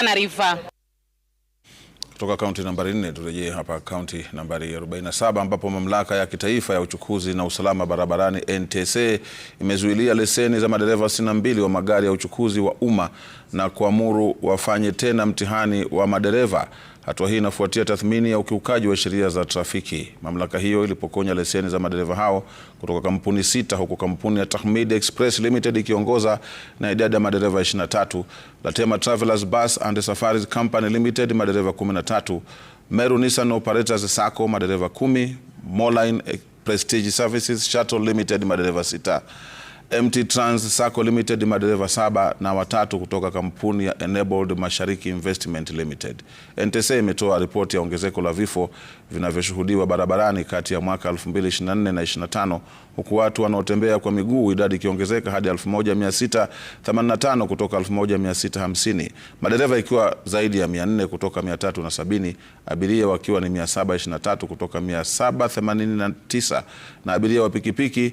Canarivá Kutoka kaunti nambari 4 turejee hapa kaunti nambari 47 ambapo mamlaka ya kitaifa ya uchukuzi na usalama barabarani NTSA imezuilia leseni za madereva 62 wa magari ya uchukuzi wa umma na kuamuru wafanye tena mtihani wa madereva. Hatua hii inafuatia tathmini ya ukiukaji wa sheria za trafiki. Mamlaka hiyo ilipokonya leseni za madereva hao kutoka kampuni sita huku kampuni ya Tahmid Express Limited ikiongoza na idadi ya madereva 23, Latema Travelers Bus and Safaris Company Limited madereva tatu, Meru Nissan Operators Sacco madereva kumi, Moline Prestige Services Shuttle Limited madereva sita. MT Trans Sacco Limited madereva saba na watatu kutoka kampuni ya Enabled Mashariki Investment Limited. NTSA imetoa ripoti ya ongezeko la vifo vinavyoshuhudiwa barabarani kati ya mwaka 2024 na 25 huku watu wanaotembea kwa miguu idadi ikiongezeka hadi 1685 kutoka 1650, madereva ikiwa zaidi ya 400 kutoka 370, abiria wakiwa ni 723 kutoka 789 na abiria wa pikipiki